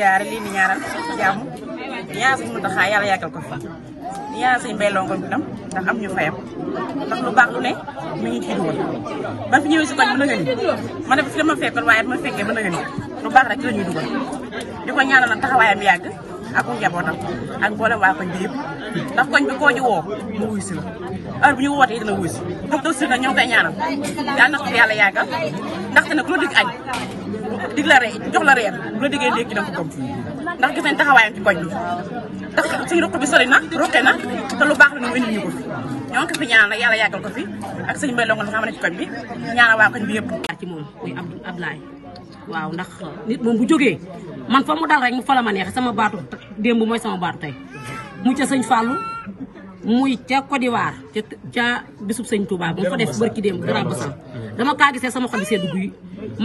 ziyaare lii ni ñaanal jàmm ñaan sëñ Muntaxa yàlla yàggal ko fi ñaan sëñ Mbay Lonko itam ndax am ñu fayam ndax lu baax lu ne mi ngi ciy dugal ba fi ñëwee si koñ ba nëgëni ma ne fi la ma fekkoon waaye ma fekkee ba nëgëni lu baax rek la ñuy dugal di ko ñaanal nag taxawaayam yàgg ak njabootam ak mboolem waa koñ bi yëpp ndax koñ bi koo woo mu wuy la heure bu ñu wootee dina wuy si ndax aussi nag ñoo ngi ñaanal yàlla na ko yàlla yàggal ndaxte nag ku la dikk añ dig la reer jox la reer bu la diggee léegi da nga ko ndax gis nañ taxawaayam ci koñ bi ndax suñu roq bi sori na roqe na te lu baax la ñu indi ñu ko fi ñoo yàlla yàggal ko fi ak sëñ Mbaye Longoor nga xam ne ci koñ bi ñaanal waa koñ bi yëpp ci moom muy Abdoulaye waaw ndax nit moom bu jógee man fa mu dal rek mu fa la ma neexe sama baatu démb mooy sama baatu tey mu ca sañ Fallou muy ca Côte d'Ivoire ca ca bisub sëñ Touba bu mu fa def barki démb Grand sa dama kaa gisee sama xol bi sedd guy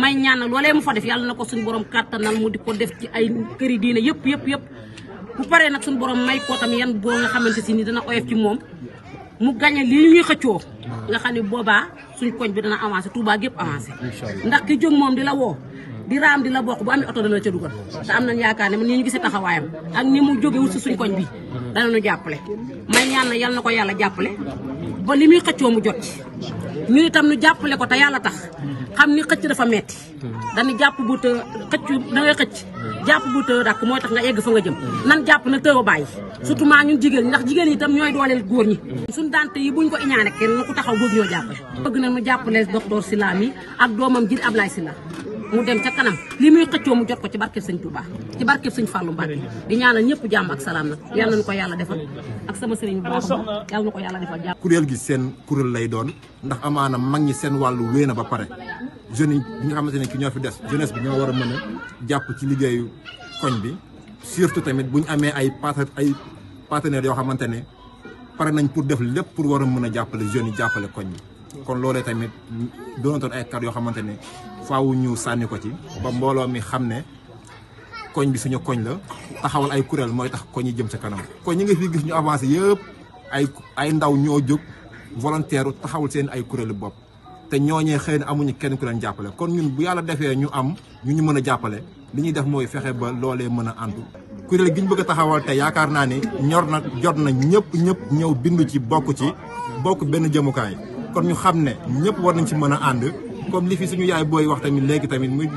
may ñaan na loolee mu fa def yàlla na ko suñ borom kàttanal mu di ko def ci ay këri diine yëpp yëpp yëpp bu paree nag suñu borom may koo tam yan boo nga xamante si ni dana oyof ci moom mu gagné lii ñuy xëccoo nga xam ne boobaa suñ koñ bi dana avancé Touba gépp avancé ndax ki jóg moom di la woo di raam di la bokk bu amee oto dana la ca am nañ yaakaar ne ni ñu gisee taxawaayam ak ni mu jógewut si suñ koñ bi dana ñu jàppale may ñaan na yàlla na ko yàlla jàppale ba li muy xëccoo mu jot ñun itam ñu jàppale ko te yàlla tax xam ni xëcc dafa metti dañu jàpp bu të xëcc da ngay xëcc jàpp bu të dakk mooy tax nga egg fa nga jëm nan jàpp na tëw a bàyyi surtout ment ñun jigéen ndax jigéen ñi itam ñooy dooleel góor ñi suñ daante yi bu buñ ko iñaane kenn ku taxaw góor ñoo jàppale bëgg na ñu jàppale docteur Sylla mi ak doomam jir Ablaye Sylla mu dem ca kanam li muy xëccoo mu jot ko ci barkeb sëñ Touba ci barkeb sëñ Fallou Mbacké di ñaanal ñëpp jàmm ak salaam nag yal nañu ko yàlla defal ak sama sëriñ bu baax yal na ko yàlla defal jàmm kuréel gi seen kuréel lay doon ndax amaana mag ñi seen wàllu wéy na ba pare jeunes yi nga xamante ne ki ñoo fi des jeunesse bi ñoo war a mën a jàpp ci liggéeyu koñ bi surtout tamit bu ñu amee ay part ay partenaires yoo xamante ne pare nañ pour def lépp pour war a mën a jàppale jeunes yi jàppale koñ bi kon loolee tamit doonutoon ay kàddu yoo xamante ne faaw ñu sànni ko ci ba mbooloo mi xam ne koñ bi suñu koñ la taxawal ay kuréel mooy tax koñ yi jëm ca kanam. kon ñi nga fi gis ñu avancé yëpp ay ay ndaw ñoo jóg volontaire taxawul seen ay kuréelu bopp te ñooñee xëy na amuñu kenn ku leen jàppale kon ñun bu yàlla defee ñu am ñu ñu mën a jàppale li ñuy def mooy fexe ba loolee mën a àndu. kuréel gi ñu bëgg a taxawal te yaakaar naa ni ñor na jot na ñëpp ñëpp ñëw bindu ci bokk ci bokk benn jëmukaay. kon ñu xam ne ñëpp war nañ ci mën a ànd comme li fi suñu yaay booy wax tamit léegi tamit muy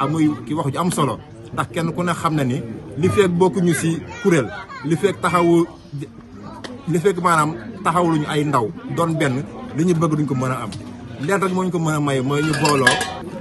ah, muy ki wax ju am solo ndax kenn ku ne xam na ni li fekk bokkuñu ci kuréel li fekk taxawu li fekk maanaam taxawluñu ay ndaw doon benn li ñu bëgg duñ ko mën a am leen rek moo ñu ko mën a may mooy ñu booloo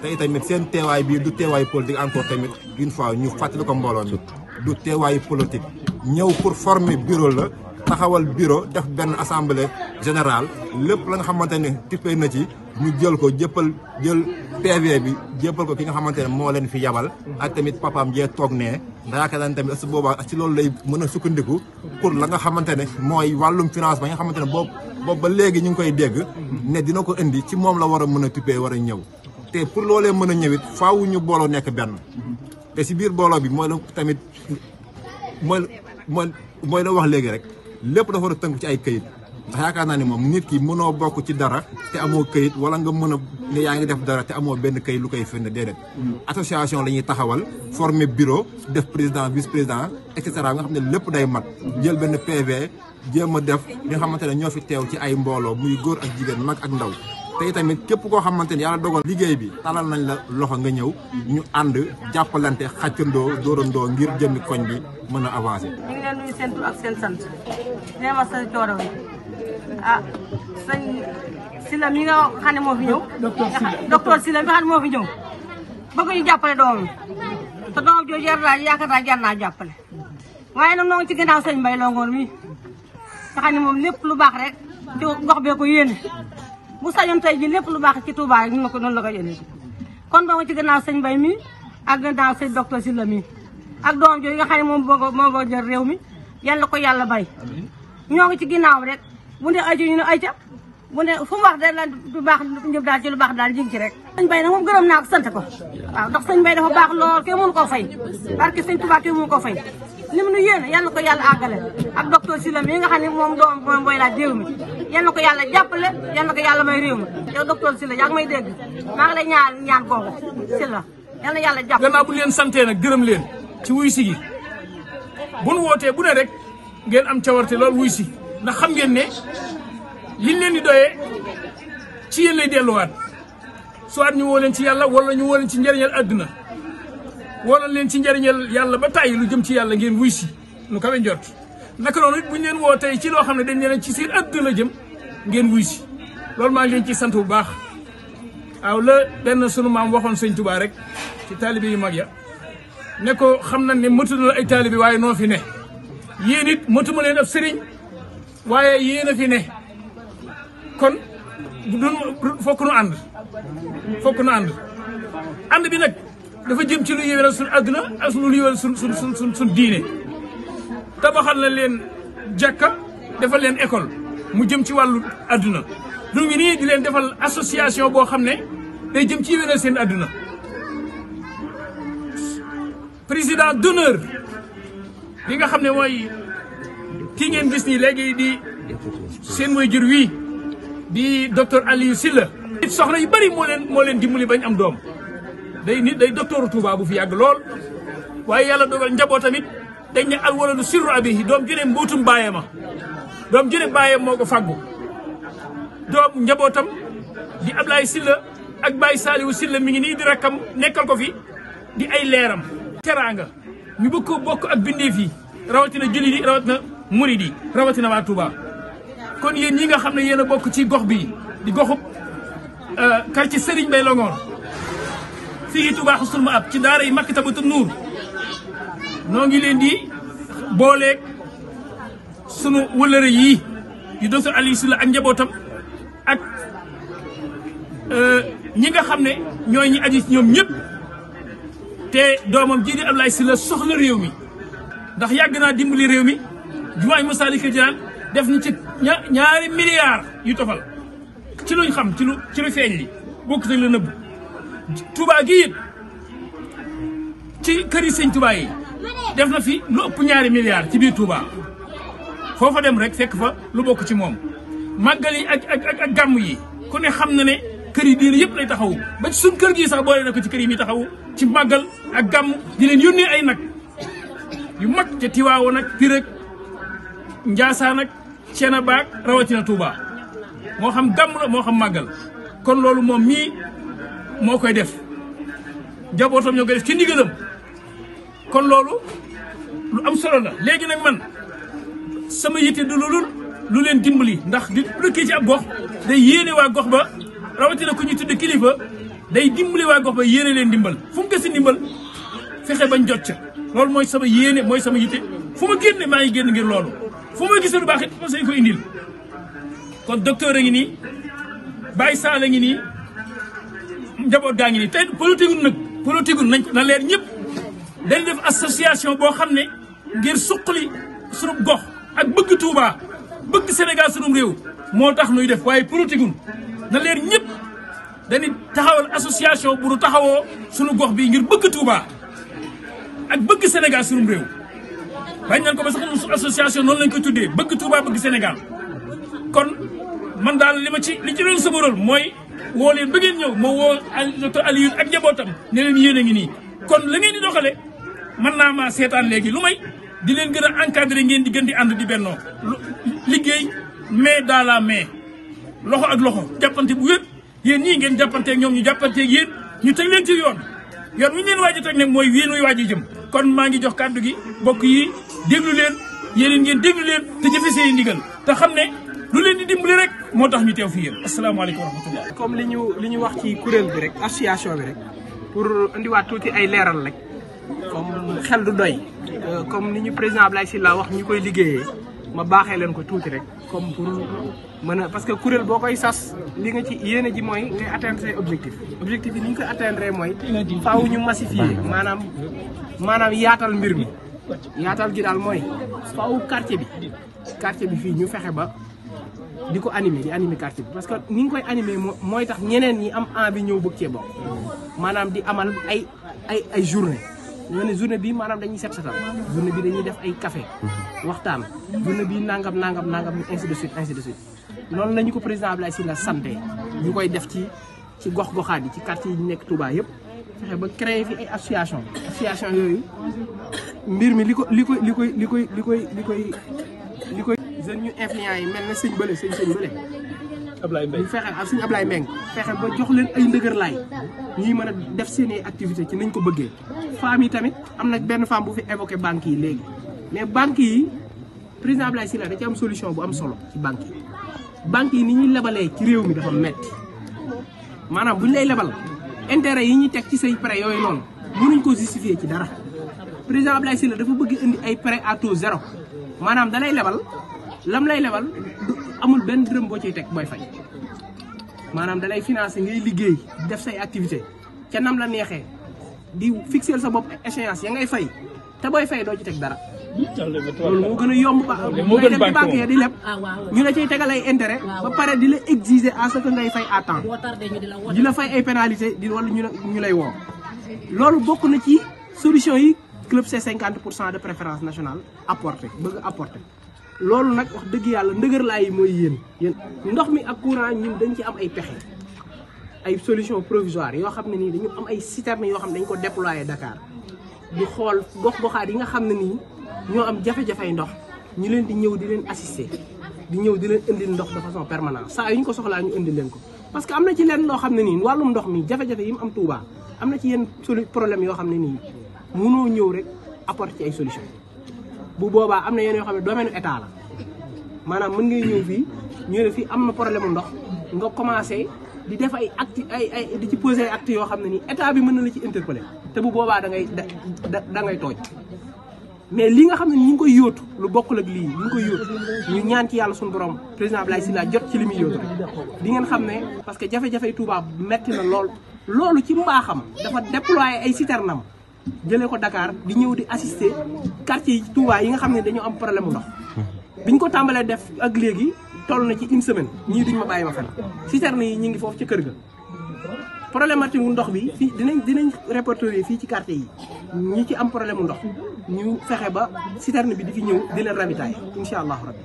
te itamit seen teewaay bii du teewaayu politique encore tamit une ñu ñu fàttali ko mbooloo mi du teewaayu politique ñëw pour former bureau la taxawal bureau def benn assemblée général lépp la nga xamante ne tippee na ci ñu jël ko jéppal jël PV bi jëppal ko ki nga xamante ne moo leen fi yabal ak tamit papaam jee toog nee nda yaakaar naa ne tamit su boobaa ci loolu lay mën a sukkandiku pour la nga xamante ne mooy wàllum finance ba nga xamante ne boobu boobu ba léegi ñu ngi koy dégg ne dina ko indi ci moom la war a mën a tippee war a ñëw te pour loolee mën a ñëwit faaw ñu booloo nekk benn te si biir booloo bi mooy la tamit mooy mooy mooy la wax léegi rek lépp dafa war ci ay këyit ndax yaakaar naa ni moom nit ki mënoo bokk ci dara te amoo këyit wala nga mën a ne yaa ngi def dara te amoo benn këyit lu koy firnde déedéet mm. association la ñuy taxawal former bureau def président vice président et cetera nga xam ne lépp day mat jël benn PV jéem a def li nga xamante ne ñoo fi teew ci ay mbooloo muy góor ak jigéen mag ak ndaw tey tamit képp koo xamante ni yàlla dogal liggéey bi talal nañ la loxo nga ñëw ñu ànd jàppalante xàccandoo dóorandoo ngir jëmmi koñ bi mën a avancé. ah sëñ Sylla mi nga xam ne moo fi ñëw. docteur Sylla mi nga xam ne moo fi ñëw. bëgg ñu jàppale doomam te doomam jooju yar naa yaakaar naa jar jàppale waaye nag ñoo ngi ci gànnaaw sañ Mbaye Longoor mi nga xam moom lépp lu baax rek ci gox bee ko yéene bu sañoon tey ji lépp lu baax ci Touba rek ñu ko noonu la ko kon doo ci gànnaaw sëñ Mbaye mi ak gànnaaw sëñ docteur Sylla mi ak doomam jooju nga xam ne moom moo ko jël réew mi yàlla ko yàlla bay ñoo ci ginnaaw rek. bu ne aju ñu ne ay ca bu ne fu mu wax de la du baax ñu daal ci lu baax daal jig ci rek sëñ Bay nag moom gërëm naa ko sant ko waaw ndax sëñ Bay dafa baax lool kenn mënu koo fay barke sëñ Tuubaa kenn mënu koo fay li mu nu yéene yal na ko yàlla àggale ak docteur Sylla mi nga xam ne moom doom moom booy laaj réew mi yal na ko yàlla jàppale yal na ko yàlla may réew mi yow docteur Sylla yaa may dégg maa ngi lay ñaan googu Sylla yal na yàlla jàpp gannaaw bu leen santee nag gërëm leen ci wuy si gi bu wootee bu ne rek ngeen am cawarte lool wuy si ndax xam ngeen ne liñ leen di doyee ci yéen lay delluwaat soit ñu woo leen ci yàlla wala ñu woo ci njariñal àdduna wala leen ci njariñal yàlla ba tàyyi lu jëm ci yàlla ngeen wuy si lu kawe njort naka noonu it bu ñu leen woo tey ci loo xam ne dañ leen ci siir àdduna la jëm ngeen wuy loolu maa ngi leen ci sant bu baax waaw la benn sunu maam waxoon sëñ Tuubaa rek ci taalibe yu mag ya ne ko xam na ne mëtu ay taalibe waaye noo fi ne yéen it mëtuma leen ab sëriñ waaye yéen a fi ne kon du fokk nu ànd fokk nu ànd ànd bi nag dafa jëm ci lu yéwénal suñu àdduna ak lu yéwénal suñ suñ diine tabaxal na leen jàkka defal leen école mu jëm ci wàllu àdduna lu ngi nii di leen defal association boo xam ne day jëm ci yéwénal seen àdduna président d'honneur bi nga xam ne mooy kii ngeen gis nii léegi di seen mooy jur wii di docteur Aliou Sylla nit soxna yu bëri moo leen moo leen bañ am doom day nit day docteur Touba bu fi yàgg lool waaye yàlla dogal njaboot tamit dañ ne al waladu sirru abihi doom jure mbootum bàyyee ma doom jure bàyyee moo ko fàggu doom njabootam di Ablaye Sylla ak Baye Saliou Sylla mi ngi nii di rakkam nekkal ko fi di ay leeram teraanga ñu bëgg ko bokk ak bindeef yi rawatina julli di rawatina murid yi rawatina waa Touba kon yéen ñi nga xam ne yéen a bokk ci gox bi di goxub euh, quartier Serigne Bay Longoor fii Touba Husnul Maab ci daara yi Maktabatu Nuur noo ngi leen di booleeg sunu wëllëre yii yu docteur Aliou Sylla ak njabootam ak euh, ñi nga xam ne ñooy ñi aji ñoom ñëpp te doomam jii di Abdoulaye Sylla soxla réew mi ndax yàgg naa dimbali réew mi jumaay Masaalikul Jinaan def nañ ci ñaari milliards yu tofal ci luñ xam ci lu feeñ li bokk te la nëbb Touba gi it ci kër yi sëñ Touba def na fi lu ëpp ñaari milliards ci biir Touba foofa dem rek fekk fa lu bokk ci moom màggal yi ak ak gàmm yi ku ne xam na ne kër yi diine yëpp lay taxawu ba ci suñ kër gi sax boole na ko ci kër yi muy taxawu ci màggal ak gàmm di leen yónnee ay nag yu mag ca Tiwaawoon nag Pire Njaasaan ak Cena baak rawatina Touba moo xam gàmm moo xam màggal kon loolu moom mii moo koy def jabootam ñoo koy def ci ndigalam kon loolu lu am solo la léegi nag man sama yitte du lulul lu leen dimbali ndax di dëkkee ci ab gox day yéene waa gox ba rawatina ku ñu tudd kilifa day dimbali waa gox ba yéene leen dimbal fu mu gësi ndimbal fexe bañ jot ca loolu mooy sama yéene mooy sama yitte fu ma génne maa ngi génn ngir loolu fu ma gisee lu baax it conseil ko indil kon docteur a ngi nii Baye Sall a ngi nii njaboot gaa ngi nii tey politique nag politique nañ na leer ñëpp dañ def association boo xam ne ngir suqali sunu gox ak bëgg Touba bëgg Sénégal sunum réew moo tax nuy def waaye politique na leer ñëpp taxawal association bu nu taxawoo sunu gox bi ngir bëgg Touba ak bëgg Sénégal sunum réew bañ nañ ko ba sax su association noonu lañ ko tuddee bëgg Touba bëgg Sénégal kon man daal li ma ci li ci doon sama rôle mooy woo leen ba ngeen ñëw moo woo docteur ak njabootam ne leen yéen a ngi nii kon la ngeen di doxale man naa maa seetaan léegi lu may di leen gën a encadré ngeen di gën di ànd di bennoo liggéey mais dans la main loxo ak loxo jàppante bu wér yéen ñii ngeen jàppanteeg ñoom ñu jàppanteeg yéen ñu teg leen ci yoon yoon wi ñu leen waaj a teg mooy yéen muy waaj jëm kon maa ngi jox kàddu gi mbokk yi déglu leen yéen ngeen déglu leen te jëfe seen ndigal te xam ne lu leen di dimbali rek moo tax ñu teew fi yéen asalaamaaleykum comme li ñu li ñu wax ci kuréel bi rek association bi rek pour indiwaat tuuti ay leeral rek comme xel du doy euh, comme ni ñu président Abdoulaye la wax ñu koy liggéeyee ma baaxee leen ko tuuti rek comme pour mën parce que kuréel boo koy sas li nga ci yéene ji mooy ngay atteindre say objectif objectif yi ni ñu atteindre mooy faaw ñu massifier maanaam maanaam yaatal mbir mi yaatal gi daal mooy faaw quartier bi quartier bi fii ñu fexe ba di ko animé di animé quartier bi parce que ni ñu koy animé mooy tax ñeneen ñi am an bi ñëw bëgg cee bokk maanaam di amal ay ay ay journée nga ne journée bii maanaam dañuy set setal journée bi dañuy def ay kafe waxtaan journée bii nangam nangam nangam ainsi de suite ainsi de suite noonu la ñu ko président Abdoulaye Sylla santé ñu koy def ci ci gox-goxaat yi ci quartier yi ñu nekk Touba yëpp fexe ba créé fi ay association association yooyu mbir mi li ko li koy li koy li koy li koy li koy li koy jeunes ñu influents yi mel na sëñ bële sëñ sëñ bële Ablaye Mbengue ñu fexe ak suñu Ablaye Mbengue fexe ba jox leen ay ndëgër laay ñuy mën a def seen i activité ci nañ ko bëggee femmes yi tamit am na benn femme bu fi évoqué banque yi léegi mais banques yi président Ablaye da ci am solution bu am solo ci banques yi banques yi ni ñuy lebalee ci réew mi dafa metti maanaam bu lay lebal intérêt yi ñuy teg ci say prêt yooyu noonu mënuñ ko justifier ci dara président Ablaye Sylla dafa bëgg indi ay prêt à taux maanaam dalay lay lebal lam lay lebal amul benn dërëm boo ciy teg booy fay maanaam dalay financé ngay liggéey def say activité ca nam la neexee di fixer sa bopp échéance ya ngay fay te booy fay doo ci teg dara. loolu moo gën a yomb ba moo gën banque moom di leb ah, ñu la cay tegal ay intérêt ah, ba pare di la exiger à ce que ngay fay à temps di la fay ay pénalité di wala ñu lay woo loolu bokk na ci solution yi club c cinquante pour cent de préférence nationale apporté bëgg apporté loolu nag wax dëgg yàlla ndëgër laa yi mooy yéen yéen ndox mi ak courant ñun dañ ci am ay pexe ay solution provisoire yoo xam ne nii dañu am ay citerne yoo xam ne dañ ko déployé Dakar di xool gox-goxaat yi nga xam ne nii ñoo am jafe-jafey ndox ñu leen di ñëw di leen assister di ñëw di leen indil ndox de façon permanente saa yu ñu ko soxlaa ñu indi leen ko parce que am na ci leen loo xam ne nii wàllum ndox mi jafe-jafe yi mu am Touba am na ci yenn solu problème yoo xam ne nii mënoo ñëw rek apporte ci ay solution bu boobaa am na yenn yoo xam ne domaine état la maanaam mën nga ñëw fii ñu ne fii am na problème ndox nga commencé di def ay acte ay ay di ci poser ay acte yoo xam ne nii état bi mën na la ci interpeller te bu boobaa da ngay da da ngay tooj mais li nga xam ne ñu ngi koy yóotu lu bokk ak lii ñu ngi koy yóotu ñaan ci yàlla suñu borom président Abdoulaye Sylla jot ci li muy yóotu rek di ngeen xam ne parce que jafe-jafe Touba metti na lool loolu ci mbaaxam dafa déployer ay citernam jëlee ko Dakar di ñëw di assister quartier yi Touba yi nga xam ne dañoo am problème ndox. biñ ko tàmbalee def ak léegi toll na ci une semaine ñii duñ ma bàyyi ma fen citerne yi ñu ngi foofu ci kër ga. problématique wu ndox bi fii dinañ dinañ répertorier fii ci quartier yi ñu ci am problème mu ndox ñu fexe ba citerne bi di fi ñëw di leen ravitailler incha allahu rabbi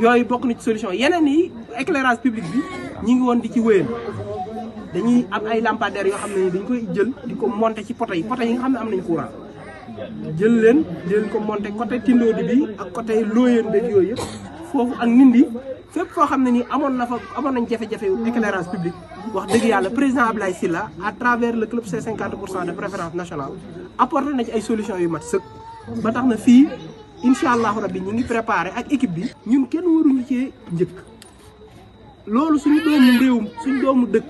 yooyu bokk na ci solution yeneen yi éclairage public bi ñu ngi woon di ci wéyal. dañuy am ay lampadaires yoo xam ne dañ koy jël di ko monter ci poto yi poto yi nga xam ne am nañ courant jël leen jël ko monter côté Tindodi bi ak côté Looyeen beeg yooyu yëpp foofu ak Nindi fépp foo xam ne nii amoon na fa amoon nañ jafe-jafe éclairage publique wax dëgg yàlla président Ablaye la à travers le club C50 pour cent de préférence nationale apporté na ay solutions yu mat sëkk ba tax na fii incha allahu rabbi ñu ngi préparé ak équipe ñun kenn waruñu cee njëkk loolu suñu doomu réew suñu doomu dëkk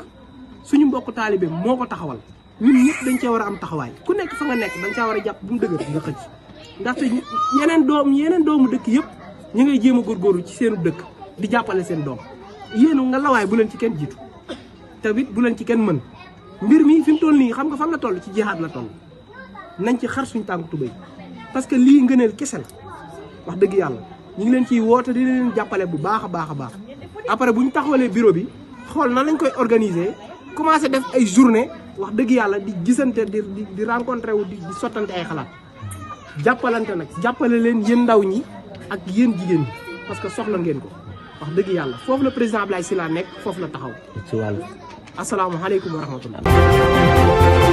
suñu mbokk taalibe moo ko taxawal ñun ñëpp dañ cee war a am taxawaay ku nekk fa nga nekk dañ caa war a jàpp bu mu dëgër nga xëj ndaxte yeneen doom yeneen doomu dëkk yëpp ñu ngay jéem a góorgóorlu ci seenu dëkk di jàppale seen doom yéen nga lawaay bu leen ci kenn jiitu tamit bu leen ci kenn mën mbir mi fi mu nii xam nga fan la toll ci jeexaat la toll nañ ci xar suñu tànk tubéy parce que lii ngëneel kese la wax dëgg yàlla ñu ngi leen ciy woote di jàppale bu baax a baax a baax après bu ñu taxawalee bureau bi xool nan lañ koy organiser commencé def ay journée wax dëgg yàlla di gisante di di rencontré wu di sottante ay xalaat jàppalante nag jàppale leen yéen ndaw ñi ak yéen jigéen ñi parce que soxla ngeen ko wax dëgg yàlla foofu la président si laa nekk foofu la taxaw. ci wàllu asalaamaaleykum wa rahmatullah.